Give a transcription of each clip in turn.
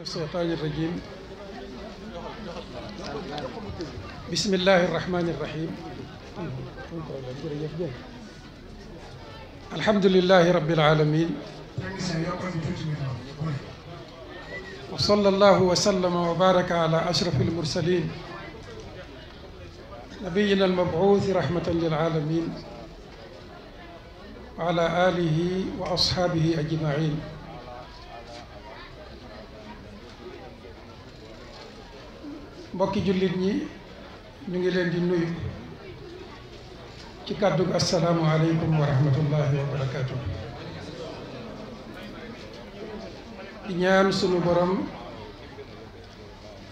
الشيطان الرجيم بسم الله الرحمن الرحيم الحمد لله رب العالمين وصلى الله وسلم وبارك على أشرف المرسلين نبينا المبعوث رحمة للعالمين وعلى آله وأصحابه أجمعين mbokki julit ñi ñu ngi leen di nuyu ci kaddu assalamu alaykum wa rahmatullahi wa barakatuh di ñaan suñu borom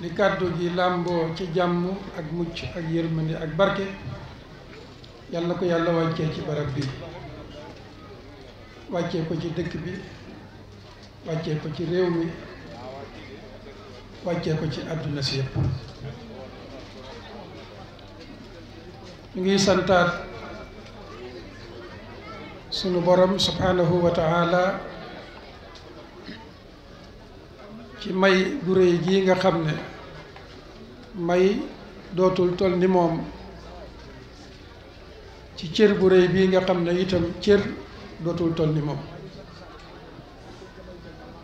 li kaddu gi lambo ci jamm ak mucc ak yermandi ak barke yalla ko yalla wacce ci barab bi wacce ko ci dekk bi wacce ko ci rew mi wacce ko ci aduna si ngi santaat sunu borom subhanahu wa ta'ala ci may gu reey gi nga xamne ne may dotul tol ni mom ci cër bu reey bi nga xamne itam cër dotul tol ni mom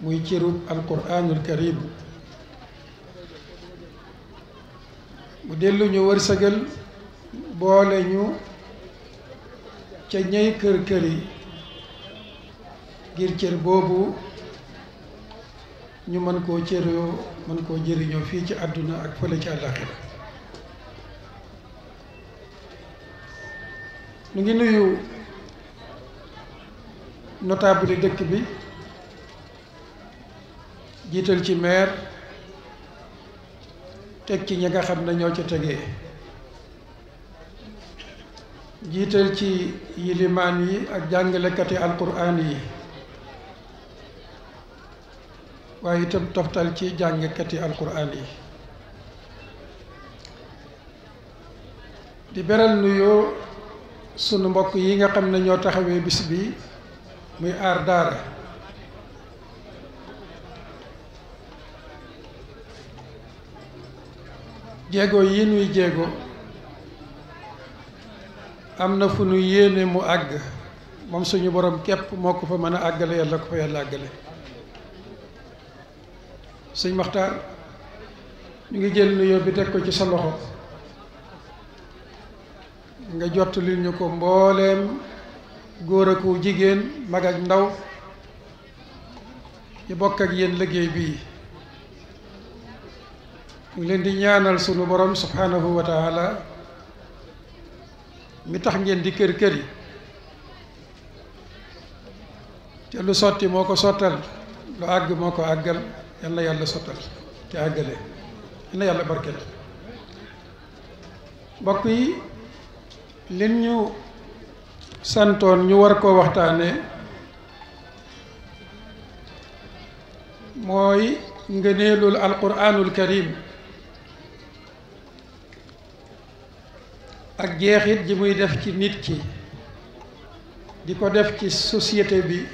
muy cërub alquranul karim bu delu ñu wërsegal boole ñu ca ñey kër kër yi ngir cër boobu ñu mën koo cëroo mën koo jëriñoo fii ci àdduna ak fële ci àllaaxira ñu ngi nuyu notable dëkk bi jiital ci maire teg ci ñi nga xam ne ñoo ca tegee jiital ci yilimaan yi ak jàngalekati alquraan yi waaye itam toftal ci jàngkati alquraan yi di beral nuyoo sunu mbokk yi nga xam ne ñoo taxawee bis bi muy aar daara jéego yi nuy jéego am na fu nu yéene mu àgg moom suñu boroom képp moo ko fa mën a àggale yàlla ko fa yàlla àggale sëñ Maxtaar ñu ngi jël nuyoo bi teg ko ci sa loxo nga jot li ñu ko mbooleem góor ak jigéen mag ndaw ñu bokk ak yéen liggéey bii ñu leen di ñaanal sunu borom subhanahu wa mi tax ngeen di kër kër yi te lu sotti moo ko sottal lu àgg moo ko àggal yal na yàlla sottal te àggale yal na yàlla barkeel mbokk yi lin ñu santoon ñu war koo waxtaane mooy ngëneelul alquraanul karim ak jeexit ji muy def ci nit ki diko def ci société bi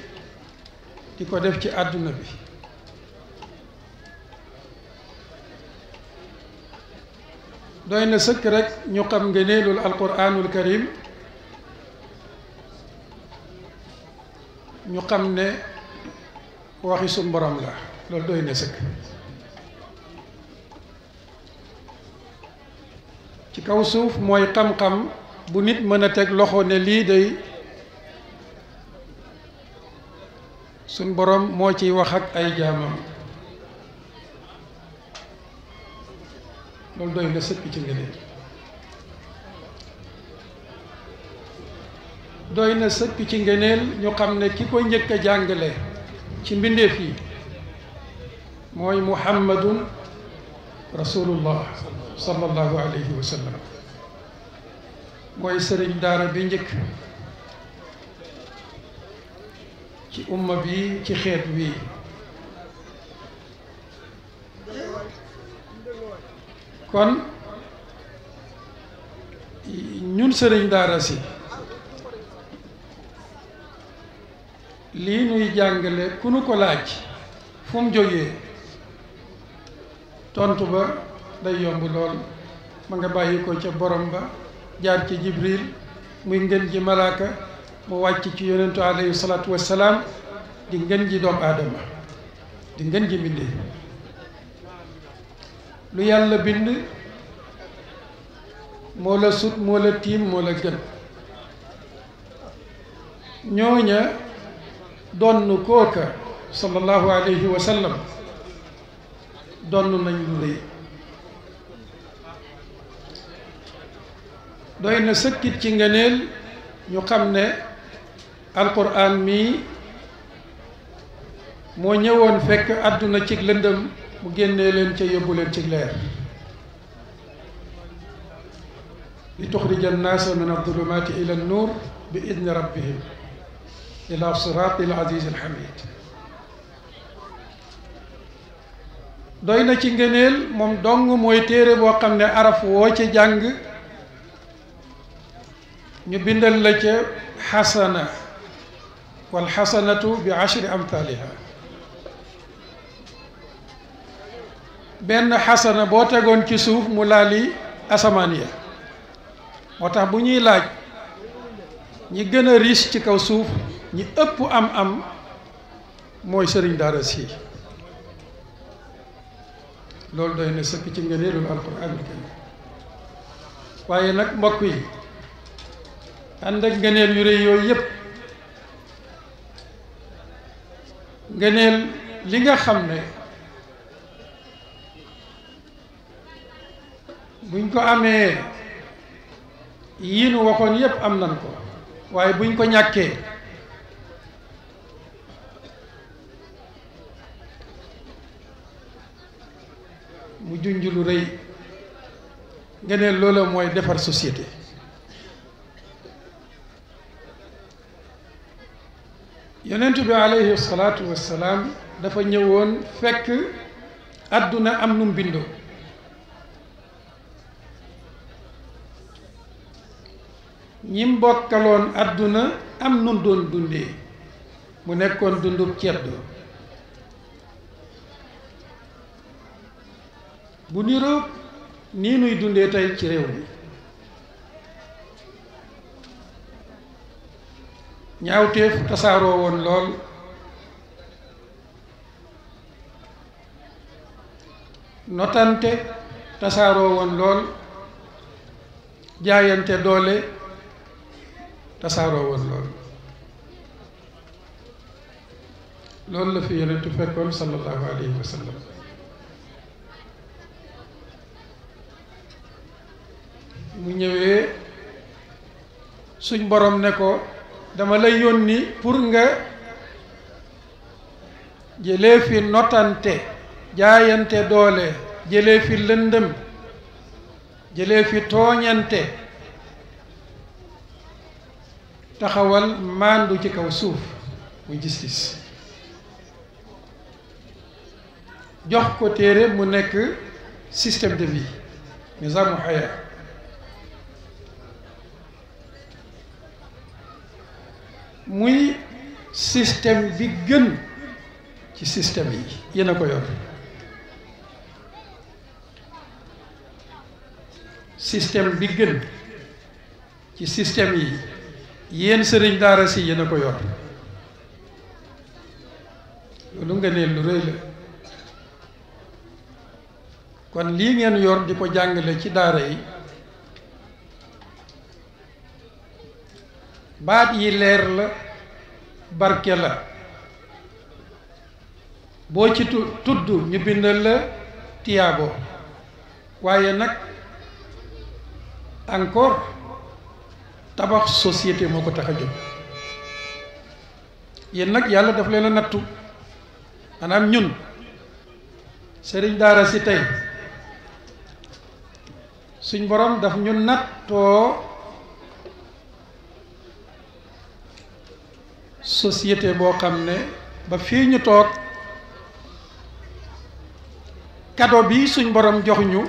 diko def ci aduna bi doyna na sëkk rek ñu xam ne ngëneelul alquranul karim ñu xam ne waxi suñ borom la lol doyna na sëkk ci kaw suuf mooy xam-xam bu nit mën a teg loxo ne lii day suñ boroom moo ci wax ak ay jaamam loolu doy na sëkk ci ngëneel doy na sëkk ci ngëneel ñu xam ne ki ko njëkk jàngale ci mbindeef yi mooy muhammadun rasulullah sallallahu aleyhi ve sellem. mooy sëriñ dara bi njëkk ci umma bi ci xeet bi, kon ñun sëriñ daara si lii nuy jàngale ku nu ko laaj fu mu jógee tontu ba day yomb lool ma nga bayiko ci borom ba jaar ci jibril muy ngeen ji malaaka mu wacc ci yonentu alayhi salatu wassalam di ngeen ji doomu adam di ngeen ji minde lu yalla bind mo la sut mo la tim mo la gën ñoña donnu koka sallallahu alayhi wa sallam donnu nañ lu doy na sëkkit ci ngëneel ñu xam ne alquran mii moo ñëwoon fekk àdduna cig lëndëm mu génnee leen ca yóbbu leen cig leer li tuxrija annaasa min aldulumaati ila annuur bi idni rabbihim ila siraati alaziz alhamid doy na ci ngëneel moom dong mooy téere boo xam ne araf woo ci jàng ñu bindal la ca xasana wal xasanatu bi am amthaliha benn xasana boo tegoon ci suuf mu laali asamaan ya moo tax bu ñuy laaj ñi gën a riche ci kaw suuf ñi ëpp am-am mooy sëriñ daara si loolu doy na sëkk ci ngëneelul alxuraan waaye nag mbokk yi ànd ak ngëneel yu rëy yooyu yëpp ngëneel li nga xam ne buñ ko amee yii nu waxoon yëpp am nan ko waaye buñ ko ñàkkee mu junj lu rëy ngëneel loola mooy defar société yonent bi alayhi salaatu wassalaam dafa ñëwoon fekk àdduna am nu mbindoo ñi mbokkaloon àdduna am nun doon dundee mu nekkoon dundub ceddoo bu niroog nii nuy dundee tey ci réew mi ñaawteef tasaaroo woon lool notante tasaaroo woon lool jaayante doole tasaaroo woon lool loolu la fi yonentu fekkoon sallallahu alayhi wa mu ñëwee suñ borom ne ko dama la yónni pour nga jële fi notante jaayante doole jële fi lëndëm jële fi tooñante taxawal maandu ci kaw suuf mu justice jox ko téere mu nekk système de vie nizamu xayaa muy système bi gën ci système yi yéen a ko yor système bi gën ci système yi yéen sëriñ daara si yéen a ko yor loolu nga ne lu rëy la kon lii ngeen yor di ko jàngale ci daara yi baat yi leer la barke la boo ci tudd ñu bindal la tiago waaye nag encore tabax société moo ko tax a jóg yéen nag yàlla daf leen a nattu ñun sëriñ daara si tey suñ borom daf ñu nattoo société boo xam ne ba fii ñu toog cadeau bi suñ borom jox ñu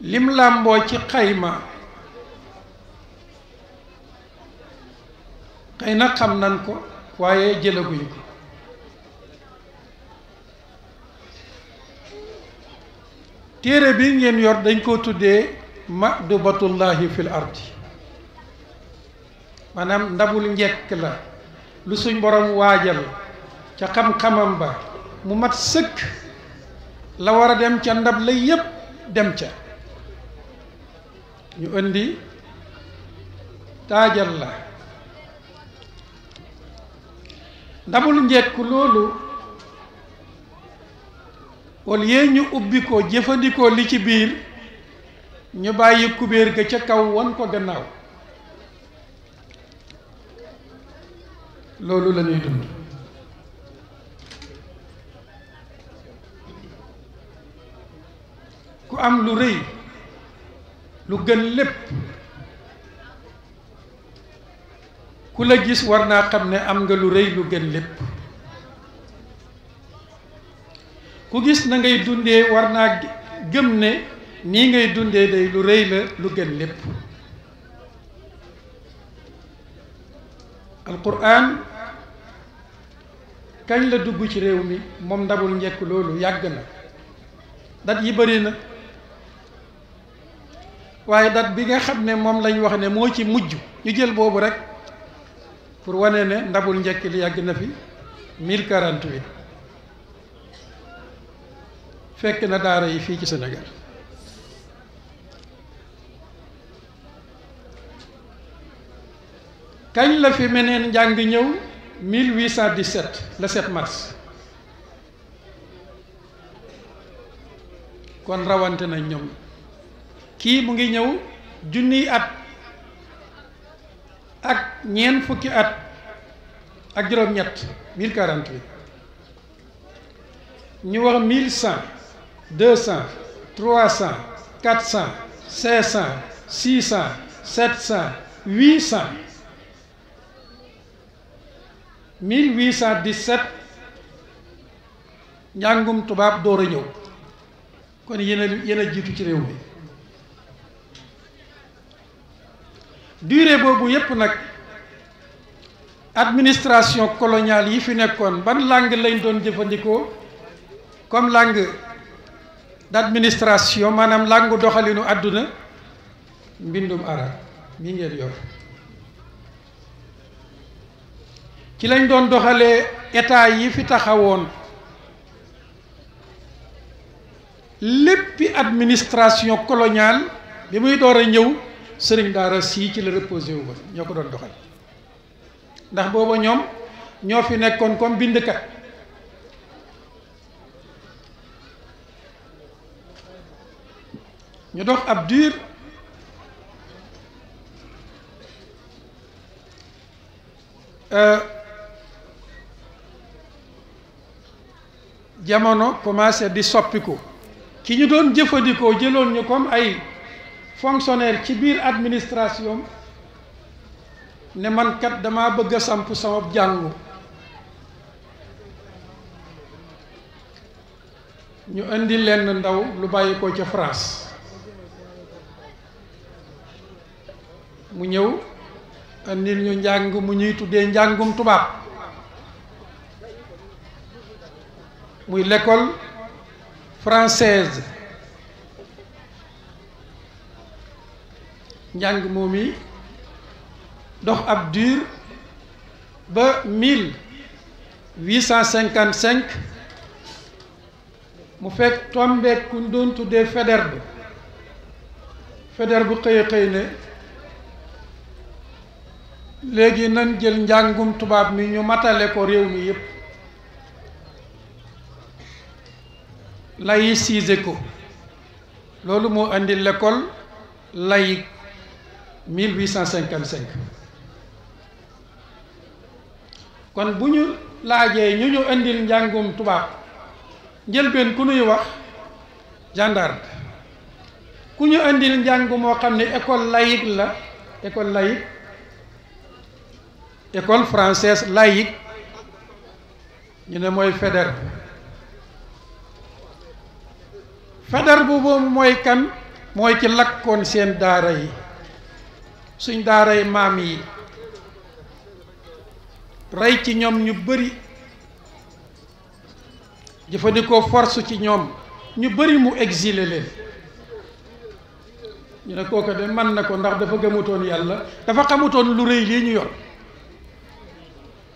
lim làmboo ci xayma xëy na xam nan ko waaye jëlaguñ ko téere bi ngeen yor dañ ko tuddee mahbubatullahi fil ardi manam ndabul njek la lu suñ borom wajal ca xam-xamam ba mu mat sëkk la wara dem ca ndab lay yeb dem ca ñu andi taajal la ndabul njek lolu wol ye ñu ubbi ko jëfandikoo li ci biir ñu bayyi kubeer ga ca kaw won ko gannaaw loolu la ñuy dund ku am lu rëy lu gën lépp ku la gis war naa xam ne am nga lu rëy lu gën lépp ku gis na ngay dundee war naa gëm ne nii ngay dundee day lu rëy la lu gën lépp alquran kañ la dugg ci réew mi moom ndabul njëkk loolu yàgg na dat yi bëri na waaye dat bi nga xam ne moom lañ wax ne moo ci mujj ñu jël boobu rek pour wane ne ndabul njëkk li yàgg na fi mil 1048 fekk na daara yi fii ci senegal kañ la fi meneen njàng ñëw 1817 le 7 mars kon rawante nañ ñoom kii mu ngi ñëw junniy at ak ñeen fukki at ak juróom-ñett 1048 ñu wax 1100 200 300 400 500 600 700 800 1817 njàngum tubaab door a ñëw kon yéen a yéen jiitu ci réew mi durée boobu yépp nag administration coloniale yi fi nekkoon ban langue lañ doon jëfandikoo comme langue d'administration maanaam langue doxalinu àdduna mbindum arab mi ngeen yor ci lañ doon doxalee état yi fi taxawoon léppi administration coloniale bi muy door a ñëw sëriñ daara sii ci la reposé wu ba ñoo ko doon doxal ndax booba ñoom ñoo fi nekkoon comme bindkat ñu dox ab diir euh, jamono commencé di soppiku ki ñu doon jëfandikoo jëloon ñu comme ay fonctionnaire ci biir administration ne man kat dama bëgg samp sama jàngu ñu andi lenn ndaw lu bàyyi ko ca France mu ñëw andil ñu njàng mu ñuy tuddee njàngum tubaab muy lekkool française njàng moom yi dox ab diir ba mille huit cent cinquante cinq mu fekk tombeek ku doon tuddee Faidherbe Faidherbe bu xëy xëy ne léegi nan jël njàngum tubaab mi ñu matale ko réew mi yépp laïciser ko loolu moo indi l'école laïque 1855 kon bu ñu laajee ñu ñu indil njàngum tubaab njëlbeen ku ñuy wax gendarme ku ñu indil njàng moo xam ne école laïque la école laïque école française laïque ñu ne mooy FEDER fadar bu boobu mooy kan mooy ci lakkoon seen daara yi suñ daara yi maam yi rey ci ñoom ñu bëri jëfandikoo force ci ñoom ñu bari mu exilé leen ñu ne kooku de mën na ko ndax dafa gëmutoon yàlla dafa xamutoon lu rëy lii ñu yor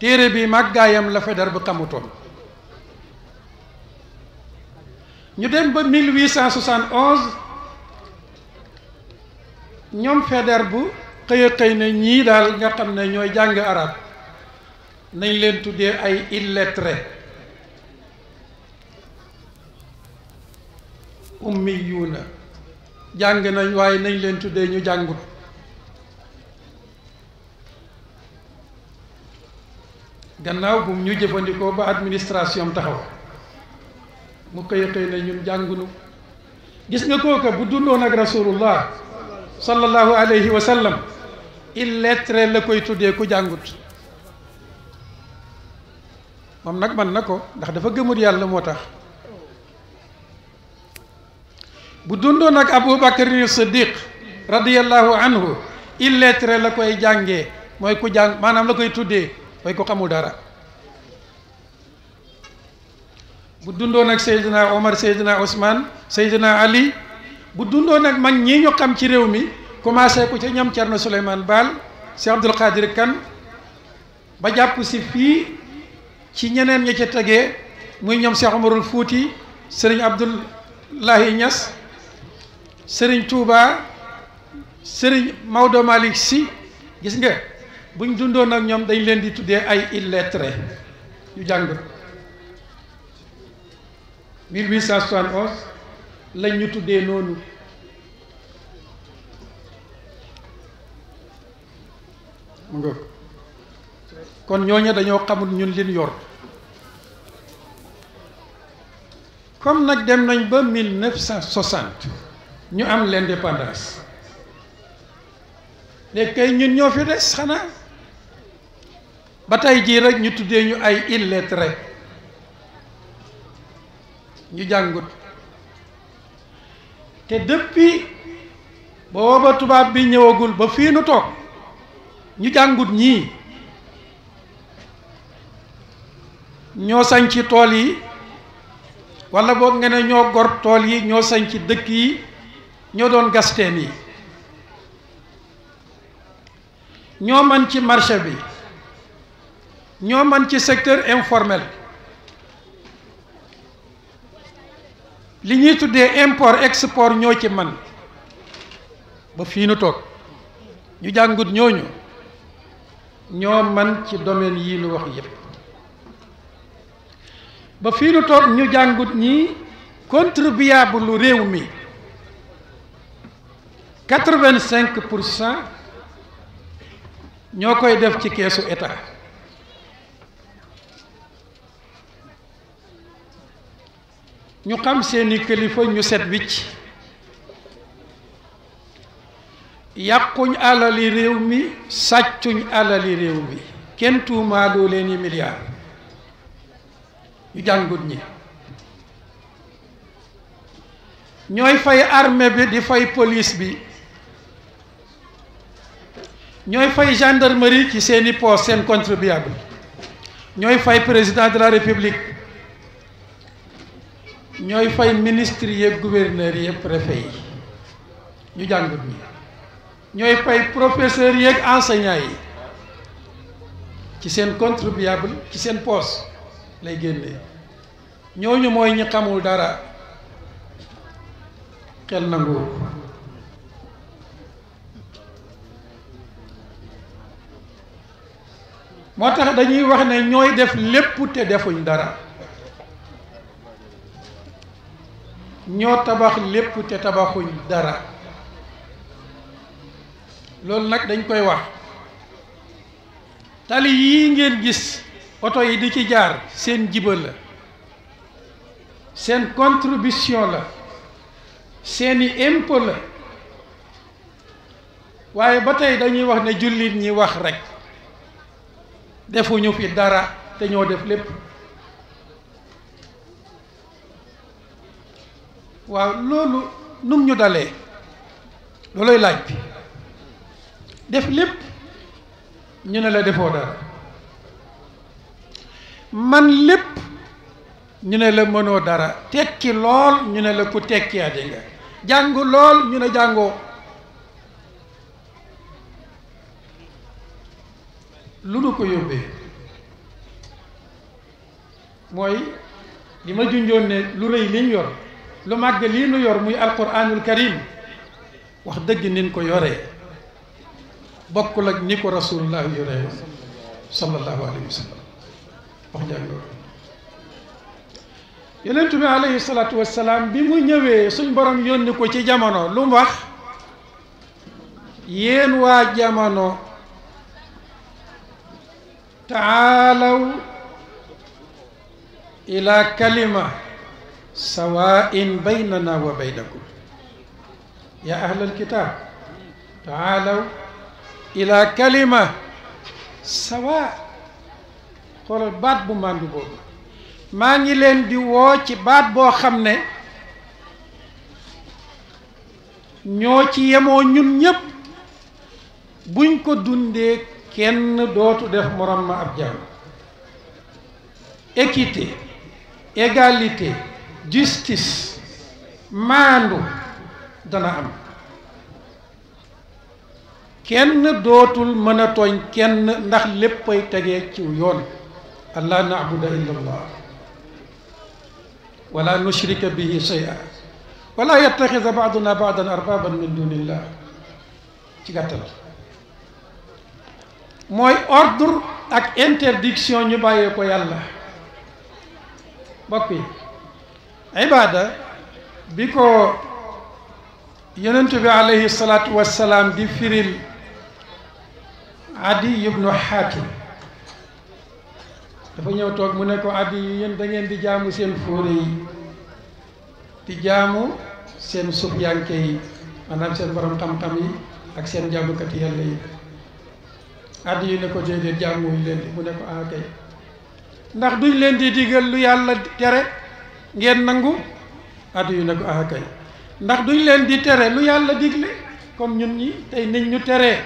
téere bi màggaayam la fadar bu xamutoon ñu dem ba 1871 ñoom Faidherbe bu xëy a na ñii daal nga xam ne ñooy jàng arab nañ leen tuddee ay illettrés ummiyuuna jàng nañ waaye nañ leen tuddee ñu jàngut gannaaw bu ñu jëfandikoo ba administration taxaw mu xëy xey na ñun jangunu gis nga koka bu ak rasulullah sallallahu alayhi wa sallam lettre la koy tuddé ku jangut mom nak man nako ndax dafa gëmul yàlla moo tax bu dundoon ak abubakarin siddiq radiyallahu anhu lettre la koy jangé moy ku jang manam la koy tuddé mooy ko xamul dara bu dundoon ak Seydina Omar Seydina Ousmane Seydina Ali bu dundoon ak mag ñii ñu xam ci réew mi commencé ko ca ñoom Thierno Souleymane Baal Cheikh Abdoul Khadir Kane ba jàpp si fii ci ñeneen ñi ca tegee muy ñoom Cheikh Omarul Fouti Serigne Abdoulahi ñas Serigne Touba Serigne Maodo malik si gis nga buñ dundoon ak ñoom dañ leen di tuddee ay illettrés yu jàng. 1871 lañ ñu tuddee noonu kon ñooña dañoo xamul ñun liñ yor comme nag dem nañ ba 1960 ñu am l'indépendance léegi kay ñun ñoo fi des xanaa ba tey jii rek ñu tuddee ñu ay illettrés ñu jàngut te depuis booba tubaab bi ñëwagul ba fi nu toog ñu jàngut ñii ñoo sañ ci tool yi walla boog nga ñoo gor tool yi ñoo sañ ci dëkk yi ñoo doon gas yi ñoo man ci marché bi ñoo man ci secteur informel li ñuy tuddee import export ñoo ci man ba fii nu toog ñu jàngut ñooñu ñoo man ci domaine yii nu wax yépp ba fii nu toog ñu jàngut ñi contribuable lu réew mi quatre-vingt-cinq pour cent ñoo koy def ci keesu état ñu xam seeni kilifa ñu set wicc yàquñ alali réew mi sàccuñ alali réew mi kenn tuumaaloo leen yi milliard ñu jàngut ñi ñooy fay armée bi di fay police bi ñooy fay gendarmerie ci seeni poste seen contribuable ñooy fay président de la république ñooy fay ministre yeeg gouverneur yeeg préfet yi ñu jàngut ñi ñooy fay professeur yeeg enseignant yi ci seen contribuable ci seen poos lay génnee ñooñu mooy ñi xamul dara xel nangu moo tax dañuy wax ne ñooy def lépp te defuñ dara ñoo tabax lépp te tabaxuñ dara loolu nag dañ koy wax tali yi ngeen gis oto yi di ci jaar seen jiba la seen contribution la seeni impôt la waaye ba tey dañuy wax ne jullit ñi wax rekk defuñu fi dara te ñoo def lépp waaw loolu num ñu dalee lay laaj bi def lépp ñu ne la defoo dara man lépp ñu ne la mënoo dara tekki lool ñu ne la ku tekki ade nga jàng lool ñu ne jàngoo lu nu ko yóbbee mooy li ma junjoon ne lu rëy liñ yor lu màgg lii nu yor muy alquranul karim wax dëgg nin ko yoree bokkul ak ni ko rasulullah yoree sallallahu alayhi wa sallam wax jàng loolu yonentu bi alayhi salaatu wassalaam bi mu ñëwee suñ borom yónni ko ci jamono lu mu wax yéen waa jamono taalaw ila kalima sawaa'in baynana wa baynakum yaa ahlal kitaab taalaw ila kalima sawa xoolal baat bu màndu boobu maa ngi leen di woo ci baat boo xam ne ñoo ci yemoo ñun ñépp buñ ko dundee kenn dootu def morom ma ab jàmm équité égalité justice mandu dana am kenn dootul mën a tooñ kenn ndax léppay tegee ci yoon allah naabuda illa allah wala nushrika bihi shay'a wala yattaxida baduna badan arbaban min dunillah ci gàttal mooy ordre ak interdiction ñu bàyyee ko yàlla mbokk yi ibada biko yonentou bi alayhi salatu wassalam di firil adi ibn xaakim dafa ñew tok mu ne adi yeen da ngeen di jaamu seen fóore yi di jaamu seen yanke yi manam seen borom tam tam yi ak seen kat yalla yi adi yu ne ko leen mu ne ko ah, kay ndax duñ leen di digal lu yalla tere ngeen nangu addu yu ne ko ah kay ndax duñ leen di tere lu yàlla digle comme ñun ñi tey nit ñu teree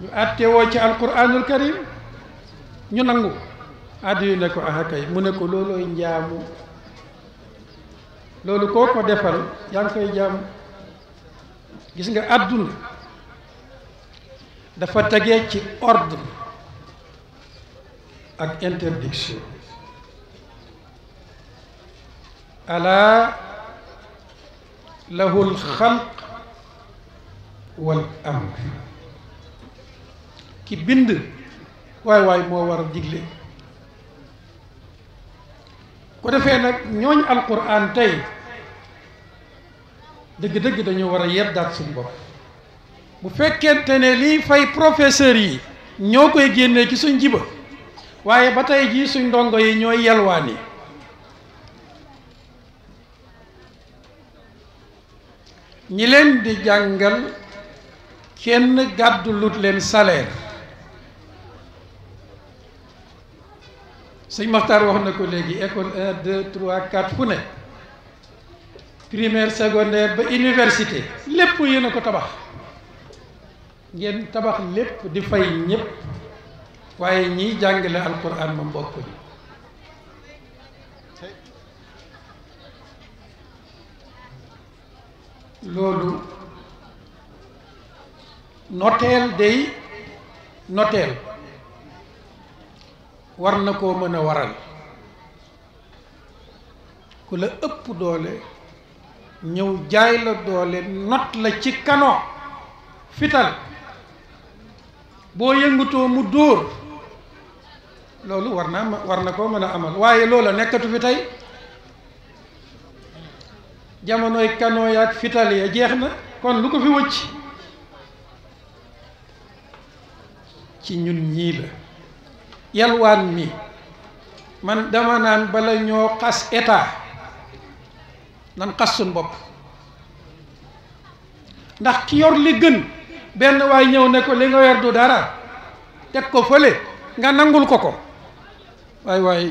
ñu àttewoo ci alquranul karim ñu nangu addu yu ne ko ah mu ne ko njaamu loolu koo ko defal yaa ngi koy jaamu gis nga àdduna dafa tege ci ordre ak interdiction alaa lahu alxalq wal amr ki bind waay waay moo war a digle ko defe nag ñooñ alquran tey dëgg-dëgg dañu war a yeddaat suñu bopp bu fekkente ne liy fay professeurs yi ñoo koy génnee ci suñ jiba waaye ba tey jii suñ ndongo yi ñooy yelwaan yi ñi leen di jàngal kenn gàddu lut leen saler sëñ Maxtaar wax na ko léegi école un deux trois quatre fu ne primaire secondaire ba iniversité lépp yéen ko tabax ngeen tabax lépp di fay ñëpp waaye ñiy jàngale alquran moom bokkuñu loolu noteel day noteel war na koo mën a waral ku la ëpp doole ñëw jaay la doole not la ci kano fital boo yëngutoo mu dóor loolu war naa war na koo mën a amal waaye loola nekkatu fi tey jamonoy kanoo yaak fital ya jeex na kon lu ko fi wëcc ci ñun ñii la yalwaan mi man dama naan bala ñoo xas état nan xas suñ bopp ndax ci yor li gën benn waay ñëw ne ko li nga yor du dara teg ko fële nga nangul ko ko waay waay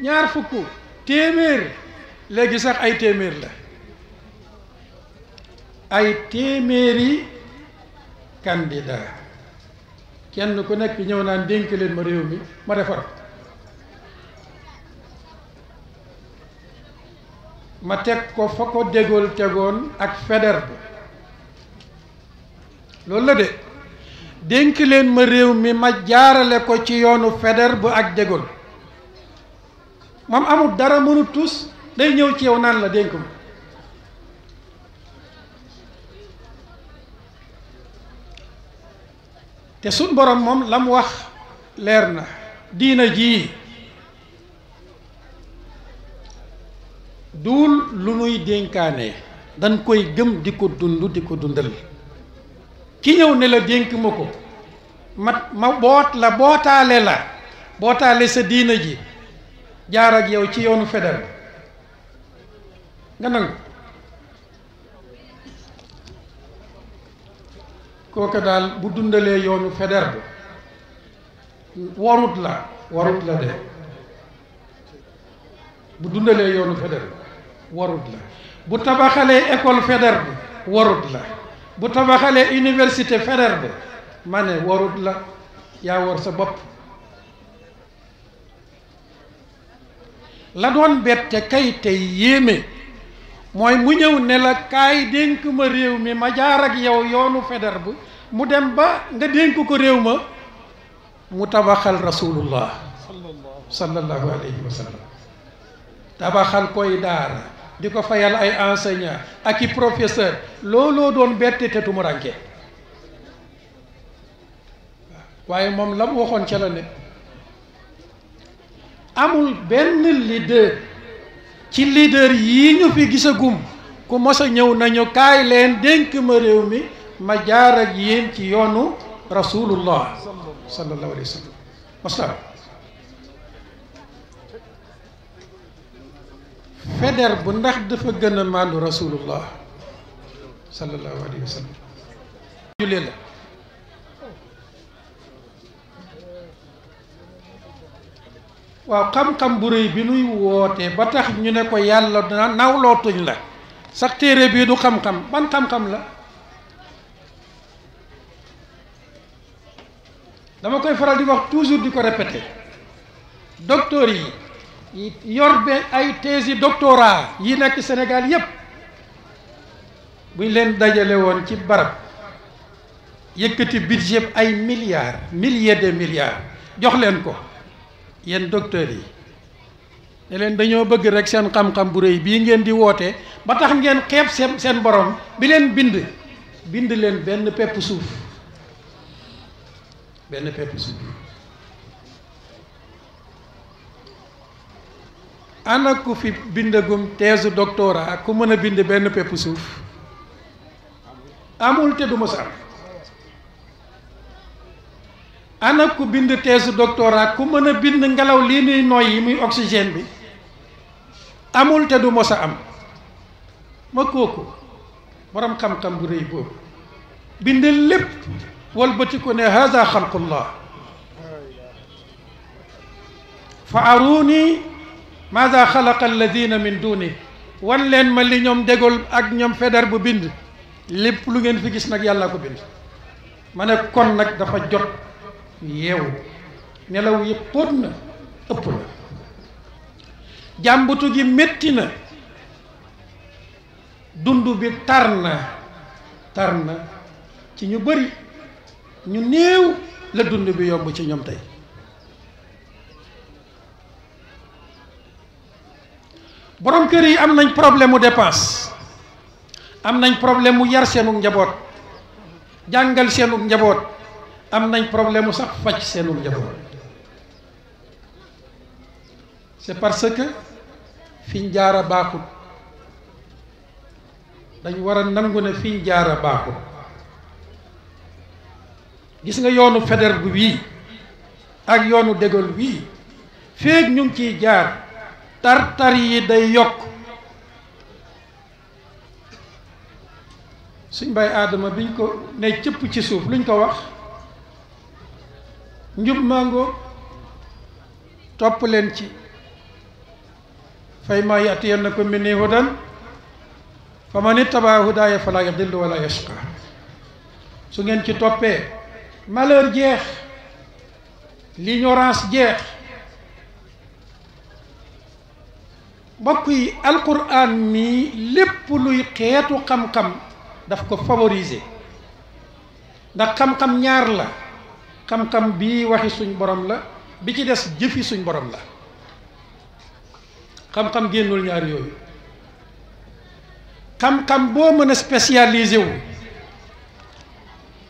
ñaar fukk téeméer léegi sax ay téeméer la ay téeméeri candidat kenn ku nekk ñëw naan dénk ma réew mi ma defar ma teg ko fa ko dégool tegoon ak feder bi loolu la de dénk leen ma réew mi ma jaarale ko ci yoonu feder bu ak dégool ma amul dara mënut tus day ñëw ci yow naan la dénk ma te suñ borom moom lam wax leer na diina jii duul lu nuy dénkaane dañ koy gëm di ko dund di ko dundal ki ñëw ne la dénk ma ko mat ma boot la bootaale la bootaale sa diina ji jaar ak yow ci yoonu feder nga nangu kooka daal bu dundalee yoonu feder bi warut la warut la de bu dundalee yoonu feder bi warut la bu tabaxalee école feder bi warut la bu tabaxalee université feder bi mane ne warut la yaa war sa bopp la doon bette kay tey yéeme mooy mu ñëw ne la kaay dénk ma réew mi ma jaar ak yow yoonu feder bi mu dem ba nga dénk ko réew ma mu tabaxal rasulullah sallallahu alayhi wa sallam tabaxal koy daara di ko fayal ay enseignant ak i professeur looloo doon bette te tumu waaye moom la mu waxoon ca la ne amul benn leader ci leader yii ñu fi gisagum ku mos ñëw nañu kaay leen dénk ma réew mi ma jaar ak yéen ci yoonu rasulullah sallallahu alayhi wa sallam masala feder bu ndax dafa gën a màndu rasulullah sallallahu alayhi la waaw xam-xam bu rëy bi nuy wootee ba tax ñu ne ko yàlla dina nawlootuñ la sax téere bii du xam-xam ban xam-xam la dama koy faral di wax toujours di ko répéter docteurs yi yor ay thèse yi doctorat yi nekk Sénégal yépp buñ leen dajale woon ci barab yëkkati budget ay milliards milliers de milliards jox leen ko yéen docteurs yi ne leen dañoo bëgg rek seen xam-xam bu rëy bii ngeen di woote ba tax ngeen xeeb seen seen borom bi leen bind bind leen benn peppu suuf benn pepp suuf ana ku fi bindagum teesu doctorat ku mën a bind benn peppu suuf amul te du ma ana ku bind teesu doctorat ku mën a bind ngelaw lii nuy noy yi muy oxygène bi amul te du mos a am ma kooku borom xam-xam bu rëy boobu bind lépp walbati ko ne hada xalqullah fa aruni maada xalaqa alladina min duni wan leen ma li ñoom dégol ak ñoom feder bu bind lépp lu ngeen fi gis nag yàlla ko bind ma ne kon nag dafa jot yeewu nelaw yi póot na ëpp na jàmbatu gi métti na dund bi tar na tar na ci ñu bari ñu néew la dund bi yomb ci ñoom tey borom kër yi am nañ problème mu dépense am nañ problème mu yar seenu njaboot jàngal seenu njaboot am nañ problème mu sax faj seenum njaboot c'est parce que fiñ jaar a baaxut dañ war a nangu ne fiñ a baaxut gis nga yoonu Faidherbe bi wii ak yoonu De Gaulle wii feeg ñu ngi ciy jaar tartar yi day yokk suñ bay aadama biñ ko ne cëpp ci suuf luñ ko wax njub màngo topp leen ci fay maa yatiyannakum minni hudan fa man ittabaa hudaaya falaa yadillu wala yashqa su ngeen ci toppee malheur jeex l'ignorance jeex mbokk yi alquran mi lépp luy xeetu xam-xam daf ko favoriser ndax xam-xam ñaar la xam-xam bii waxi suñ borom la bi ci des jëfi suñ borom la xam-xam génnul ñaar yooyu xam-xam boo mën a spécialisé wu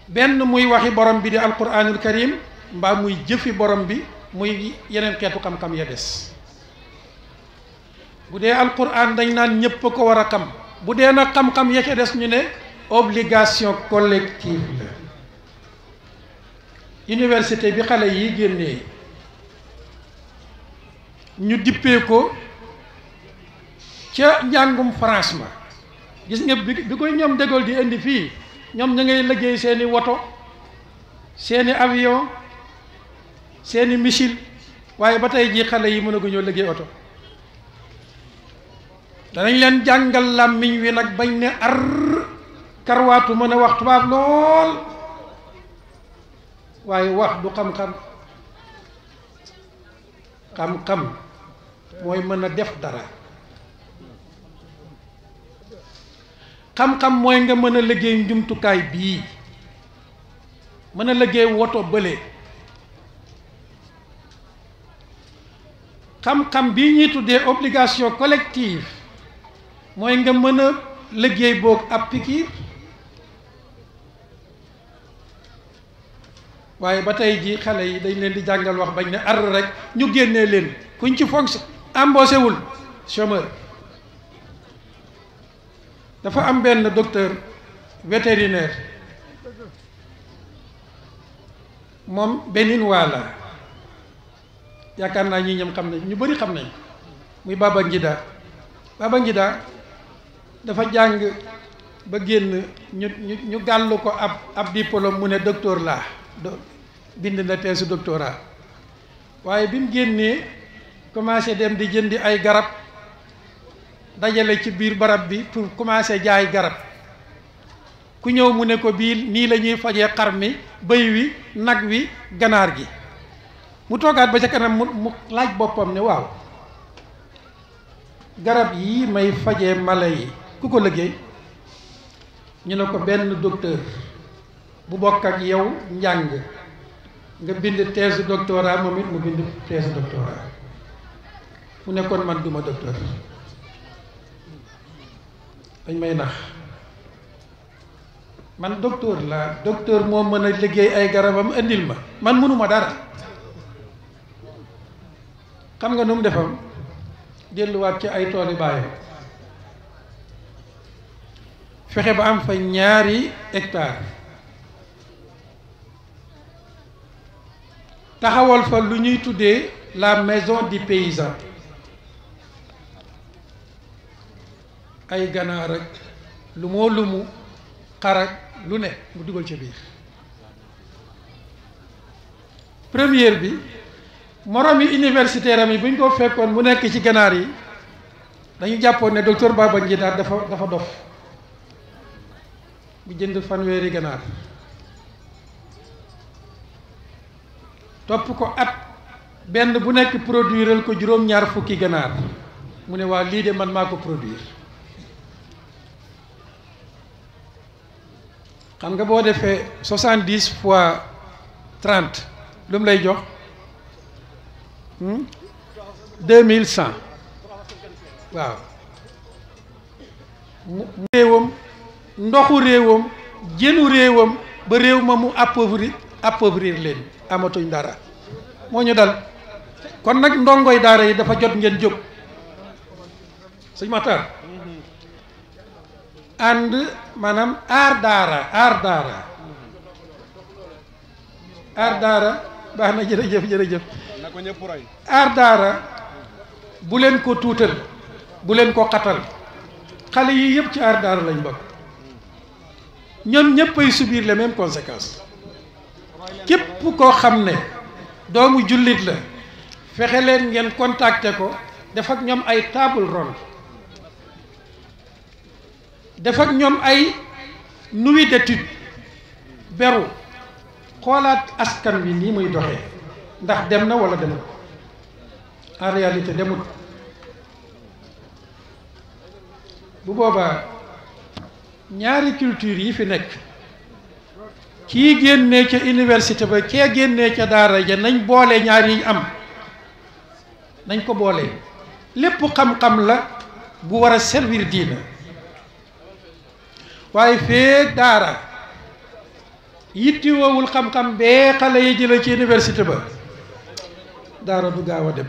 benn muy waxi borom bi di alquranul karim mbaa muy jëfi borom bi muy yeneen xeetu xam-xam ya des bu dee alquran dañ naan ñépp ko war a xam bu dee nag xam-xam ya ca des ñu ne obligation collective la université bi xalé yi génné ñu dippé ko ci jangum France ma gis nga bi koy ñom dégol di indi fi ñom ña ngay liggéey seeni woto seeni avion seeni missile waaye ba tey jii xale yi mënaguñoo liggéey oto danañ leen jangal lamiñ wi nak bañ ne ar karwaatu mëna waxtu wax lool waaye wax du xam-xam xam-xam mooy mën a def dara xam-xam mooy nga mën a liggéey njumtukaay bii mën a liggéey woto bële xam-xam bii ñuy tuddee obligation collective mooy nga mën a liggéey boog ab pikiir waaye ba tey jii xale yi dañ leen di jàngal wax bañ ne ar rek ñu génnee leen kuñ ci fonction embauché wul chômeur dafa am benn docteur vétérinaire moom benin waa la yaakaar naa ñi ñoom xam nañ ñu bëri xam nañ muy Baba Ngida Baba dafa jàng ba génn ñu ñu gàll ko ab ab diplôme mu ne docteur laa bind na teesu doctorat waaye bi mu génnee commencé dem di jëndi ay garab dajale ci biir barab bi pour commencé jaay garab ku ñëw mu ne ko biir nii lañuy ñuy fajee xar mi bëy wi nag wi ganaar gi mu toogaat ba ca kanam mu mu laaj boppam ne waaw garab yi may faje mala yi ku ko liggéey ñu ne ko benn docteur bu bokk ak yow njàng nga bind thèse doctorat moom it mu bind thèse doctorat mu ne man duma docteur dañ may nax man docteur la docteur moo mën a liggéey ay garabam indil ma man mënuma dara xam nga nu mu defam delluwaat ci ay tooli baayam fexe ba am fa ñaari hectare taxawal fa lu ñuy la maison du paysan ay ganaar ak lu moo lu biir première bi morom yi universitaire yi buñ ko fekkoon mu nekk ci yi dañu docteur Baba dafa topp ko at benn bu nekk produiral ko juróom-ñaar fukki ganaar mu ne waa lii de man maa ko produire xam nga boo defee soixante-dix fois trente lu mu lay jox hmm? deux mille cent waaw mu réewam ndoxu réewam jënu réewam ba réew ma mu appauvri appauvrir leen amatuñ dara moo ñu dal kon nag ndongoy daara yi dafa jot ngeen jóg sëñ Matar ànd maanaam aar daara aar daara aar daara baax na jërëjëf jërëjëf aar daara bu leen ko tuutal bu leen ko xatal xale yii yëpp ci aar daara lañ bokk ñoom ñëpp ay subir les mêmes conséquences képp koo xam ne doomu jullit la fexe leen ngeen contacter ko defak ñoom ay table ronde def ñoom ay nuit d'étude beru xoolaat askan wi nii muy doxee ndax dem na wala demut en réalité demut bu boobaa ñaari culture yi fi nekk kii génne ca université ba kee génne ca daara ja nañ boole ñaar yi am nañ ko boole lépp xam-xam la bu war a servir diina waaye feek daara yittiwoowul xam-xam bee xale yi jële ci université ba daara du gaaw a dem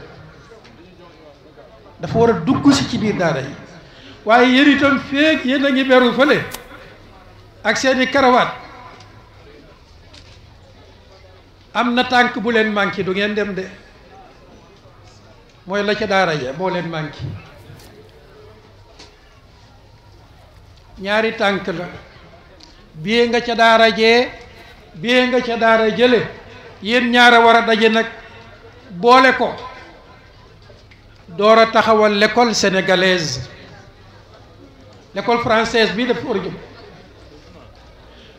dafa war a dugg si ci biir daara yi waaye yéen itam feek yéen a ngi berul fële ak seeni karawaat am na tànk bu leen manqué du ngeen dem de mooy la ca daara ja moo leen manqué ñaari tànk la biyee nga ca daara jee biyee nga ca daara jële yéen ñaara war a daje nag boole ko door a taxawal l'école sénégalaise l'école francaise bi daf war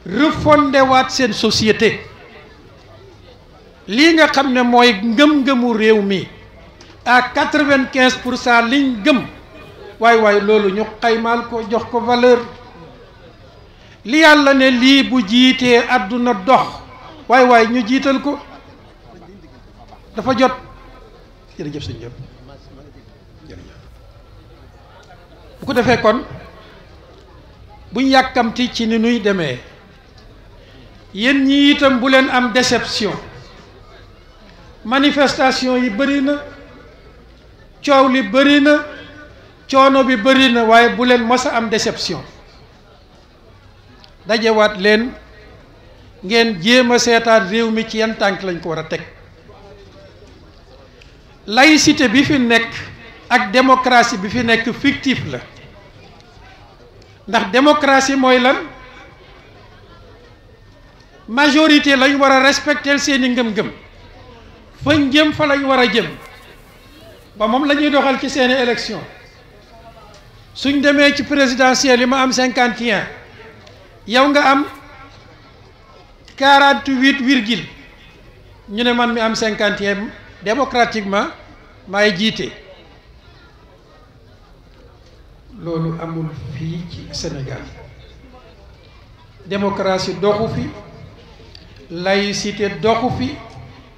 jëm seen société lii nga xam ne mooy ngëm-ngëmu réew mi à quatre-vingt-quinze pour cent liñ gëm waay waay loolu ñu xaymaal ko jox ko valeur li yàlla ne lii bu jiitee àdduna dox waay waay ñu jiital ko dafa jot jërëjëf sëñ Diop jërëjëf bu ko defee kon buñ yàkkamti ci ni nuy demee yéen ñi itam bu leen am déception manifestation yi na li bi na am déception d'ailleurs wat len ngén ci lañ ko laïcité bi fi ak démocratie bi fi nek fictif la démocratie moy majorité lañ war respecter seeni ngëm fañ jëm fa lañ war a jëm ba moom la ñuy doxal ci seen élection suñ demee ci présidentiel yi ma am 51 yow nga am 48 virgule ñu ne man mi am 50 et démocratiquement may jiite loolu amul fii ci Sénégal démocratie doxu fi laïcité doxu fi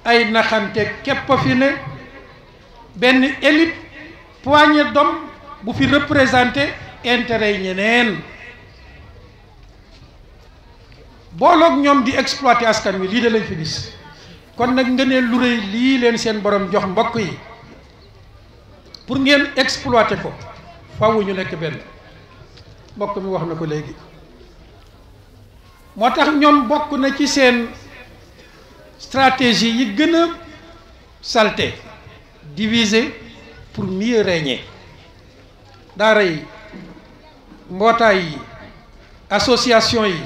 ay naxante képp a fi ne benn élite poignée d'hommes bu fi représenté intérêt yi ñeneen booloog ñoom di exploité askan wi lii da lañ fi gis kon nag nga ne lu rëy lii leen seen borom jox mbokk yi pour ngeen exploité ko faaw ñu nekk benn mbokk mi wax na ko léegi moo tax ñoom bokk na ci seen stratégie yi gëna salté diviser pour mieux régner daara yi yi association yi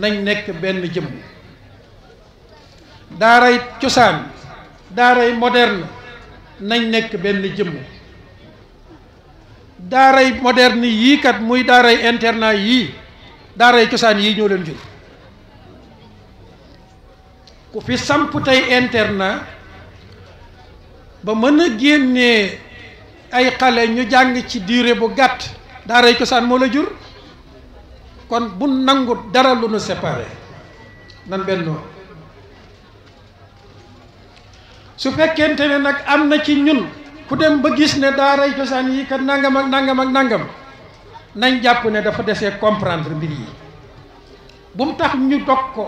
nañ nekk benn jëmm daaray cosaan daaray moderne nañ n'ek ben jëmm daaray moderne yi kat muy daaray internat yii daaray cosaan yi ñoo leen jur ku fi samp tay interna ba meuna genné ay xalé ñu jang ci diire bu ko san mo la jur kon bu nangut dara lu nu séparé nan benno su fekkente ne nak am na ci ñun ku dem ba gis ne daaray cosaan yi kat nangam ak nangam ak nangam nañ japp ne dafa déssé comprendre mbir yi bu mu tax ñu dok ko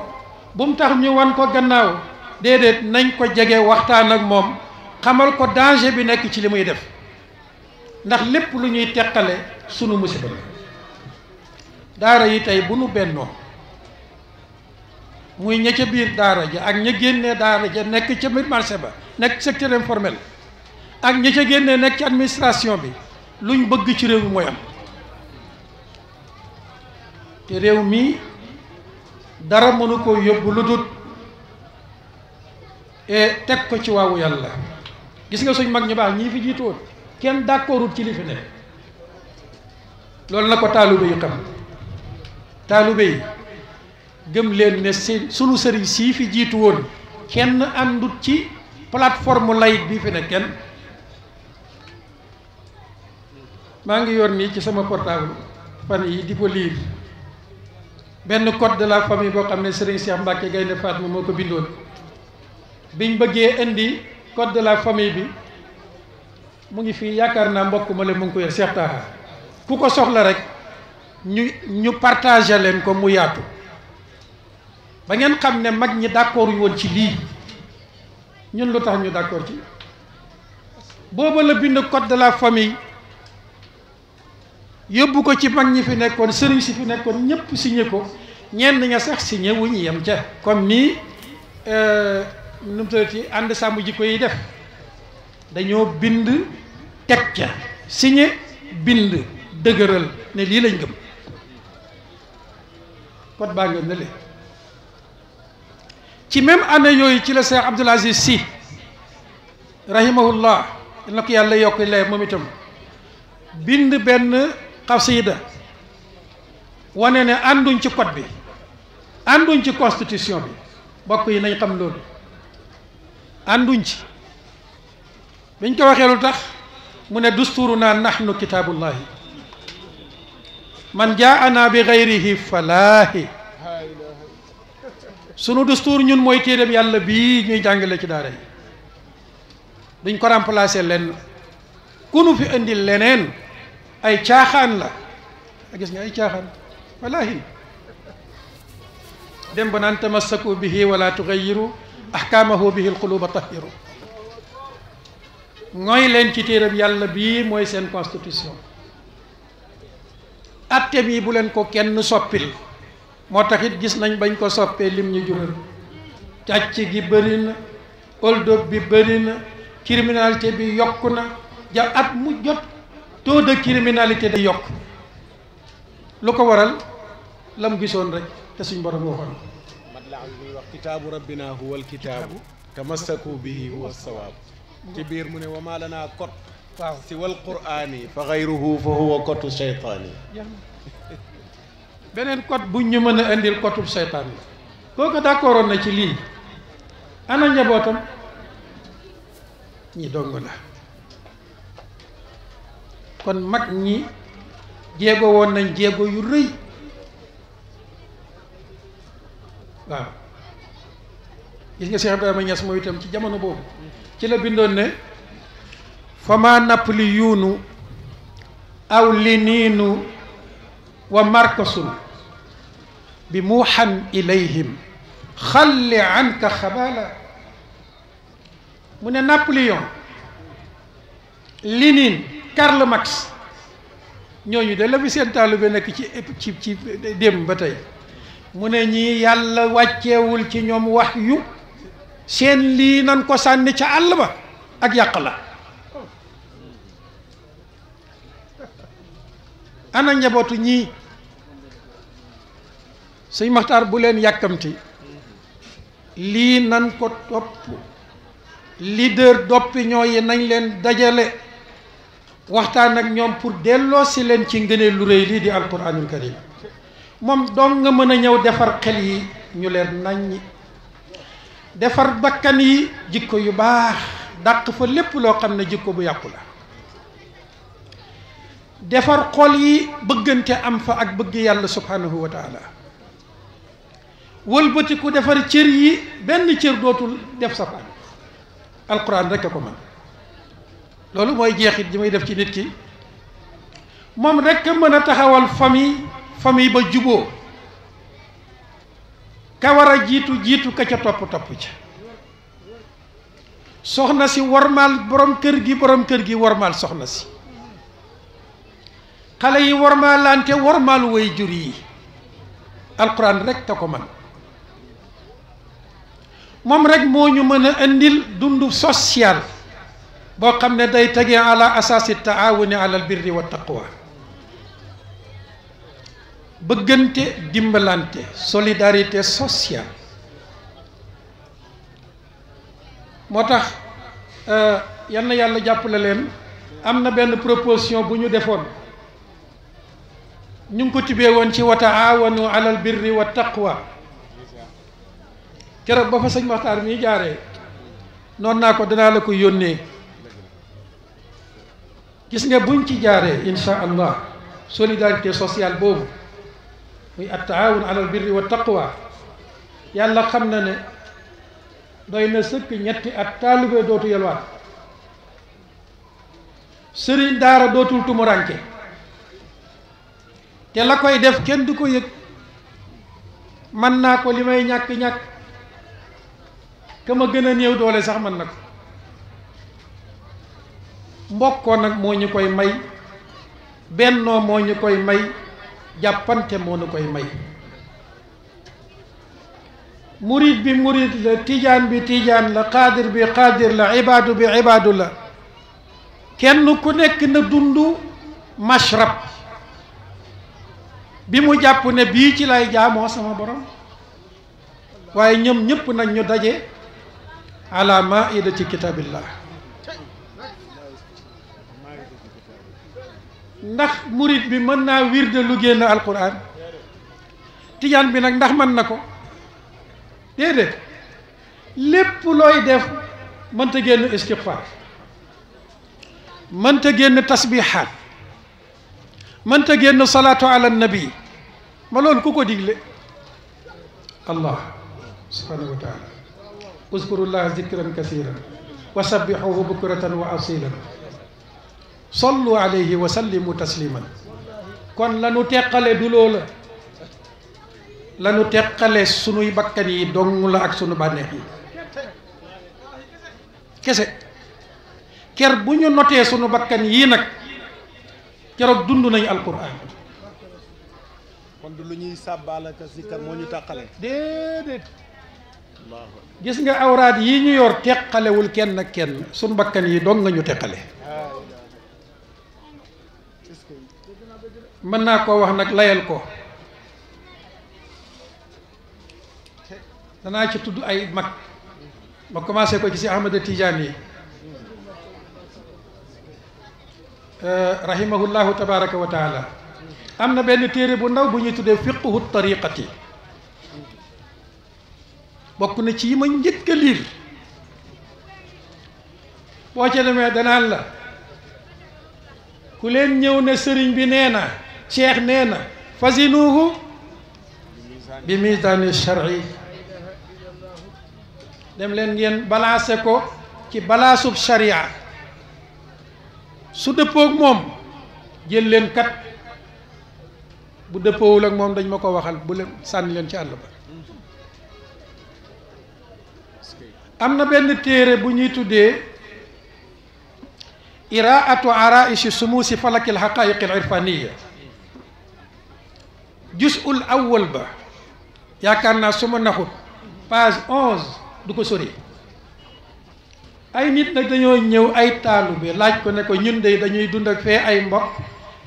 bu mu tax ñu wan ko gannaaw déedéet nañ ko jege waxtaan ak moom xamal ko danger bi nekk ci li muy def ndax lépp lu ñuy teqale sunu musiba daara yi tey bu nu bennoo muy ña ca biir daara ja ak ña génnee daara ja nekk ca biir marché ba nekk secteur informel ak ña ca génnee nekk ci administration bi luñ bëgg ci réew mi mooy am te réew mii dara mënu koo yóbbu lu dut e teg ko ci waawu yàlla gis nga suñ mag ñu baax ñii fi jiitoon kenn d'accordul ci li fi ne loolu na ko taalibe yu xam taalibe yi gëm leen ne seen sunu sëriñ sii fi jiitu woon kenn àndut ci plateforme laïque bi fi ne kenn maa ngi yor nii ci sama portable fan yi di ko lire benn code de la famille boo xam ne Serigne Cheikh Mbacke Gaynde Fatma moo ko bindoon biñ bëggee indi code de la famille bi mu ngi fii yaakaar naa mbokk ma leen mu ngi ko yor Cheikh Taha ku ko soxla rek ñu ñu partagé leen ko mu yaatu ba ngeen xam ne mag ñi d'accord yu woon ci lii ñun lu tax ñu d'accord ci boobu la bind code de la famille yóbbu ko ci mag ñi fi nekkoon sëriñ si fi nekkoon ñëpp signé ko ñenn ña sax signé wu ñu yem ca comme ni euh, nu mu tuddati ànd sàmm jikko yi def dañoo bind teg ca signé bind dëgëral ne lii lañ gëm code baa nga nële ci même année yooyu ci la Cheikh Abdoul Aziz Sy rahimahullah na ko yàlla yokk lee moom itam bind benn xasida wane ne ànduñ ci code bi ànduñ ci constitution bi bokk yi nañ xam loolu ànduñ ci biñ ko waxee lu tax mu ne dusturuna nahnu kitaabullahi man jaana bi gayrihi falaahi sunu dustuur ñun mooy téereem yàlla bii ñuy jàngale ci daara yi duñ ko remplacer lenn ku nu fi indi leneen ay tiaxan la gis nga ay walahi wallahi dem ba naan bihi wala tughayyiru ahkamahu bihi alqulub tahiru ngoy len ci téerab yalla bi moy sen constitution atte bi bu len ko kenn soppil moo tax gis nañ bañ ko soppé lim ñu jurel càcc gi bëri na hold bi criminalité bi yokuna ja at mu jot taux de criminalité day yok lu ko waral lam mu rek te suñ borom waxoon matlaam bi rabbina huwa alkitaabu tamassaku bihi huwa sawab ci bir mune wa malana kot fa si wal quraani fa ghayruhu fa huwa kotu seytaani benen kot bu ñu mëna andil kotu kotub seytaan la kooku ci li ana njabootam ñi dongo la kon mag ñi jéego woon nañ jéego yu rëy waaw gis nga Cheikh Ibrahima Niass moom itam ci jamono boobu ci la bindoon ne fama nappali yuunu aw liniinu wa markasun bi muuxan ilayhim xalli anka xabaala mu ne nappaliyon liniin Karl Marx ñooñu de la fi seen taalibe nekk ci ci ci démb ba tey mu ne ñii yàlla wàcceewul ci ñoom wax yu seen lii nan ko sànni ca àll ba ak yàq la ana njabootu ñii suñ maxtaar bu leen yàkkamti lii nan ko topp leader d'opinion yi nañ leen dajale waxtaan ak ñoom pour delloo si leen ci ngënee lu rëy lii di alquranul karim moom dong nga mën a defar xel yi ñu leen defar bakkan yi jikko yu baax dàq fa lépp loo xam ne jikko bu yàqu la defar xol yi bëggante am fa ak bëgg yàlla subhanahu wa taala wëlbatiku defar cër yi benn cër dootul def safaan alquran rek ko man loolu mooy jeexit ji muy def ci nit ki moom rekk mën a taxawal famille famille ba juboo kawara jiitu jiitu ka ca topp topp ca soxna si wormaal borom kër gi borom kër gi wormaal soxna si xale yi wormaalante wormaal way jur yi alquran rek te ko man moom rek moo ñu mën a indil dundu social boo xam ne day tegee ala asaasi taawuni alal birri wa taqwa bëggante dimbalante solidarité sociale moo tax euh, yal yàlla jàpp la leen am na benn proposition bu ñu defoon ñu ngi ko tibbee woon ci wa taawanu alal birri wa taqwa ba fa sëñ Maxtaar mii jaaree noon naa ko danaa la ko yónnee gis nga buñ ci jaaree insha allah solidarité sociale boobu muy at taawun alal birri wa taqwa yàlla xam na ne doy na sëkk ñetti at taalibe dootu yelwaat sëriñ daara dootul tumuranke te la koy def kenn du ko yëg mën naa ko li may ñàkk-ñàkk ka ma gën a néew doole sax man na ko mbokkoo nag moo ñu koy may bennoo moo ñu koy may jàppante moo ñu koy may murid bi murid la tijaan bi tijaan la xaadir bi xaadir la ibaadu bi ibaadu la kenn ku nekk na dund mashrab bi mu jàpp ne bii ci lay jaamoo sama borom waaye ñoom ñëpp nañ ñu daje ala maida ci kitaabillah ndax murid bi mën naa wirde lu génn alquran tiyan bi nak ndax man nako dede lépp loy def man ta génn istighfar man ta génn tasbihat man ta génn salatu ala nabi ma lol kuko digle allah subhanahu wa taala uzkurullaha zikran kasiran wa sabbihuhu bukratan wa asilan sallu alayhi wa sallimu tasliman kon lanu teqale du loola lanu teqale sunuy bakkan yi dong ak sunu bànneex yi kese ker bu ñu notee sunu bakkan yii nag keroog dund nañu alquran kon lu ñuy sàbbaal ak sikkar moo ñu tàqale déedéet gis nga awraat yi ñu yor teqalewul kenn ak kenn sunu bakkan yi dong nga ñu teqale mën naa koo wax nag layal ko danaa ci tudd ay mag ma commencé ko ci si Ahmada Tidiane yi rahimahullahu tabaraka wa taala am na benn téere bu ndaw bu ñuy tuddee fiqhu tariqati bokk na ci yi ma njëkk a liir boo ca demee danaan la ku leen ñëw ne sëriñ bi nee na cheikh nee na fasinuuhu bi misaani shar'i dem leen ngeen balaase ko ci balaasub sharia su dëppoog moom jël leen kat bu dëppoowul ak moom dañ ma ko waxal bu leen sànni leen ci àll ba am na benn téere bu ñuy tuddee iraatu araishi sumuusi falakil haqaiqil irfaniya jusul awwal ba yaakaar naa suma ma naxut page onze du ko sori ay nit nag dañoo ñëw ay taalu taalibe laaj ko ne ko ñun de dañuy dund ak fee ay mbokk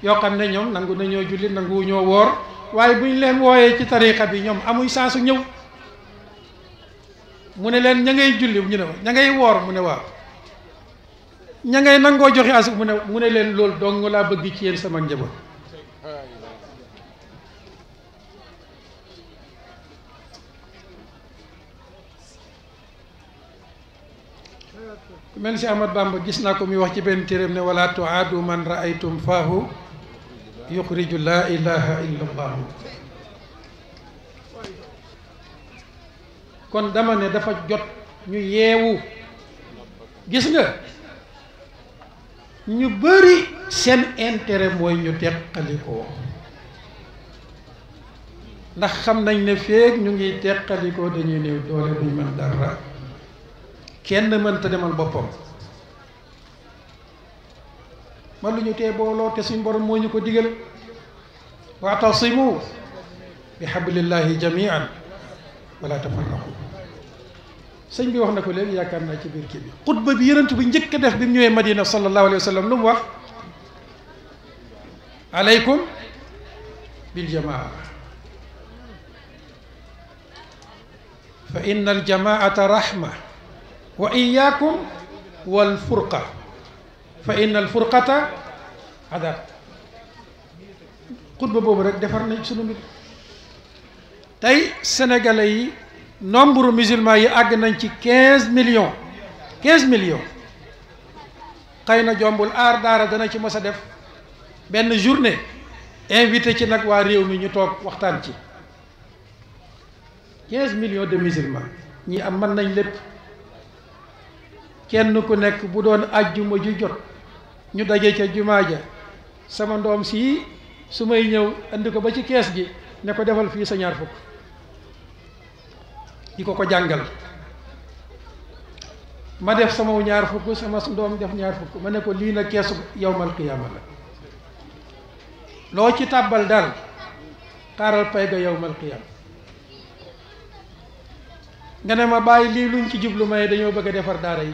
yoo xam ne ñoom nangu nañoo julli nangu ñoo woor waaye bu ñu leen wooyee ci tariqa bi ñoom amuy su ñëw mu ne leen ña ngay julli ñu ne wa ña ngay woor mu ne waa ña ngay nangoo joxe as mu ne mu ne leen loolu dong laa bëgg ci yéen sama njaboot mel si ahmad bamba gis na ko mi wax ci ben terem ne wala tu'adu man raaytum fahu yuxriju la ilaha illa allahu kon dama ne dafa jot ñu yewu gis nga ñu bari sen intérêt moy ñu teqalikoo ndax xam nañ ne feek ñu ngi teqalikoo dañuy neew doole bu man dara kenn mënta demal boppam man lu ñu tee booloo te suñ borom moo ñu ko digal waatasimu bi hablillahi jamian wala tafarraqu sëñ bi wax na ko léegi yaakaar naa ci biir kii bi xutba bi yërant bi njëkk a def bi mu ñëwee madina sallallahu alayhi wa sallam lu mu wax aleykum bil jamaa fa inna aljamaata rahma wa iyaakum wal furqa fa inna al furqata adab xutba boobu rek defar nañ sunu mbir tey sénégalais yi nombre musulman yi àgg nañ ci quinze million quinze millions xëy na jombul aar daara dana ci mos a def benn journée invité ci nag waa réew mi ñu toog waxtaan ci quinze millions de musulmans ñi am mën nañ lépp kenn ku nek bu doon aljuma ju jot ñu dajé ci jumaaja sama ndom si sumay ñew ñëw andi ko ba ci kees gi ne ko defal fi sa ñaar ko jangal ma def sama ñaar fuk sama ndom def ñaar fuk ma ne ko li na keesu yowmal qiyamah la loo ci tabal dal taral pay ga yowmal qiyaama nga ma bàyyi li luñ ci jublu may dañu bëgg daara yi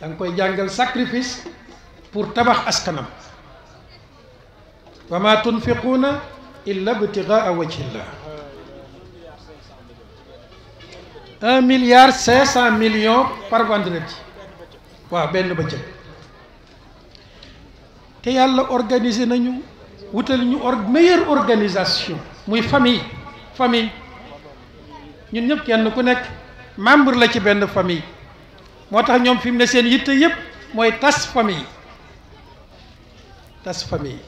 dang koy jangal sacrifice pour tabax askanam wa ma tunfiquna illa btigaa wajhillah 1 milliard cinq millions par vendredi wa ben bëccëg te yalla organiser nañu wutal ñu or meilleure organisation muy famille famille ñun ñep kenn ku nek membre la ci ben famille moo tax ñoom fi mu ne seen yitte yëpp mooy tas famille tas famille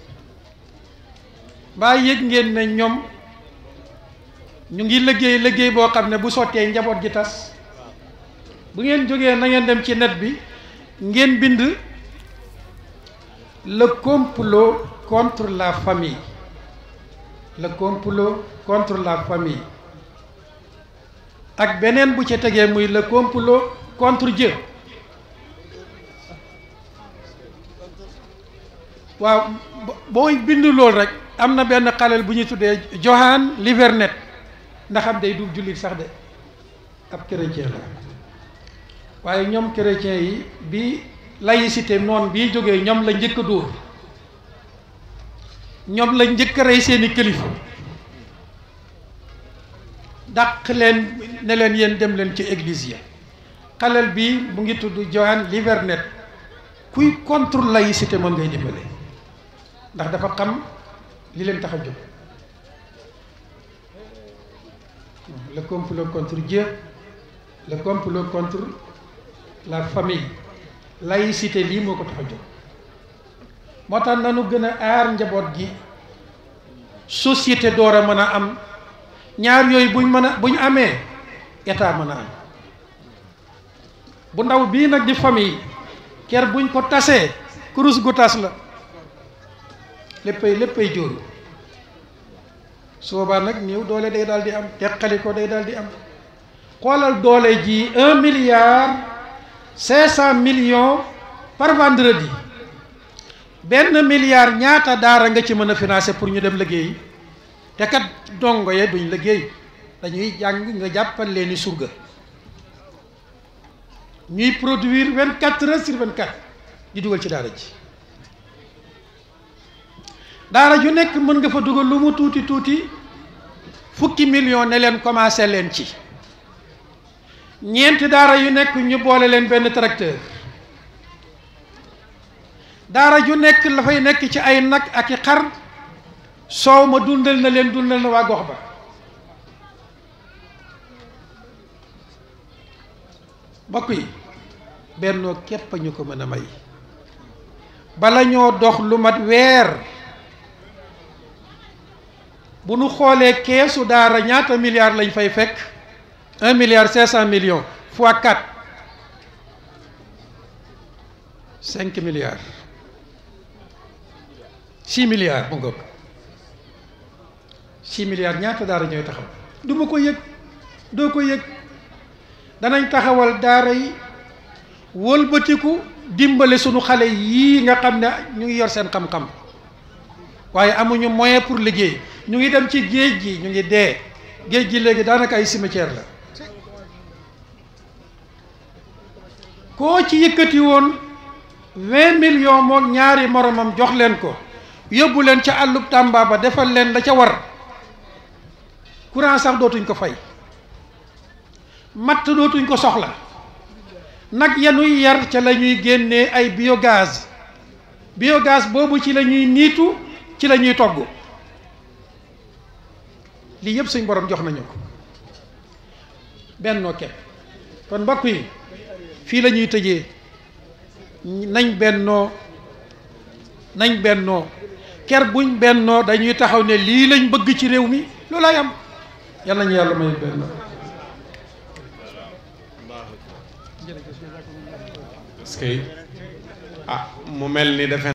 mbaa yëg ngeen ne ñoom ñu ngi liggéey liggéey boo xam ne bu sottee njaboot gi tas bu ngeen jógee nangeen dem ci net bi ngeen bind la complot contre la famille le complot contre la famille ak beneen bu ci tegee muy la complot contre Dieu waaw booy bind lool rek am na benn xaleel bu ñuy tuddee Johann Livernet ndax am day du jullit sax de ab chrétien la waaye ñoom chrétien yi bi laïcité noonu bii jógee ñoom la njëkk a ñoom la njëkk rey seeni kilifa daq leen ne leen yéen dem leen ci église ya xalal bi mu ngi tudd Johan Livernet kuy kontrol laïcité moom ngay dimbalé ndax dafa xam li leen tax a le complot contre Dieu le complot contre la famille laïcité lii moo ko tax motan nañu gëna ar njabot gi société doora mëna am ñaar yoy buñ mëna buñ amé état mëna am bu ndaw bii nag di famille ker buñ ko tasee kurus gu tas la léppay léppay jóoru su boobaa nag néew doole day daal di am teqali ko day daal di am xoolal doole ji un milliard cinq cent millions par vendredi benn milliard ñaata daara nga ci mën a financer pour ñu dem liggéey te kat dongo ya duñ liggéey dañuy jàng nga jàppal leen ni surga ñuy produire vingt quatre heures sur vingt quatre di dugal ci daara ji daara ju nekk mën nga fa dugal lu mu tuuti tuuti fukki million ne leen commencé leen ci ñeenti daara yu nekk ñu boole leen benn tracteur daara ju nekk la fay nekk ci ay nag ak i xar soow ma dundal na leen dundal na waa gox ba mbokk yi bennoo képp ñu ko mën a may bala ñoo dox lu mat weer bu nu xoolee keesu daara ñaata milliards lañ fay fekk un milliard cinq cent millions fois quatre cinq milliards six milliards mu ngoog six milliards ñaata daara ñooy taxaw du ko yëg doo ko yëg danañ taxawal daara yi wëlbatiku dimbale sunu xale yii nga xam ne ñu ngi yor seen xam-xam waaye amuñu moyen pour liggéey ñu ngi dem ci géej gi ñu ngi dee géej gi léegi daanaka ay cimetière la koo ci yëkkati woon vingt millions moom ñaari moromam jox leen ko yóbbu leen ca àllub Tàmba ba defal leen da ca war courant sax dootuñ ko fay matt dootuñ ko soxla nag yanuy yar ca la ñuy génnee ay biogaas biogaas boobu ci la ñuy niitu ci lañuy togg lii yëpp suñ boroom jox nañu ko bennoo kepp kon mbokk yi fii lañuy tëjee nañ bennoo nañ bennoo ker buñ bennoo dañuy taxaw ne lii lañ bëgg ci réew mi loolaay am yàlla ñu yàlla may bennoo ah mu mel ni defe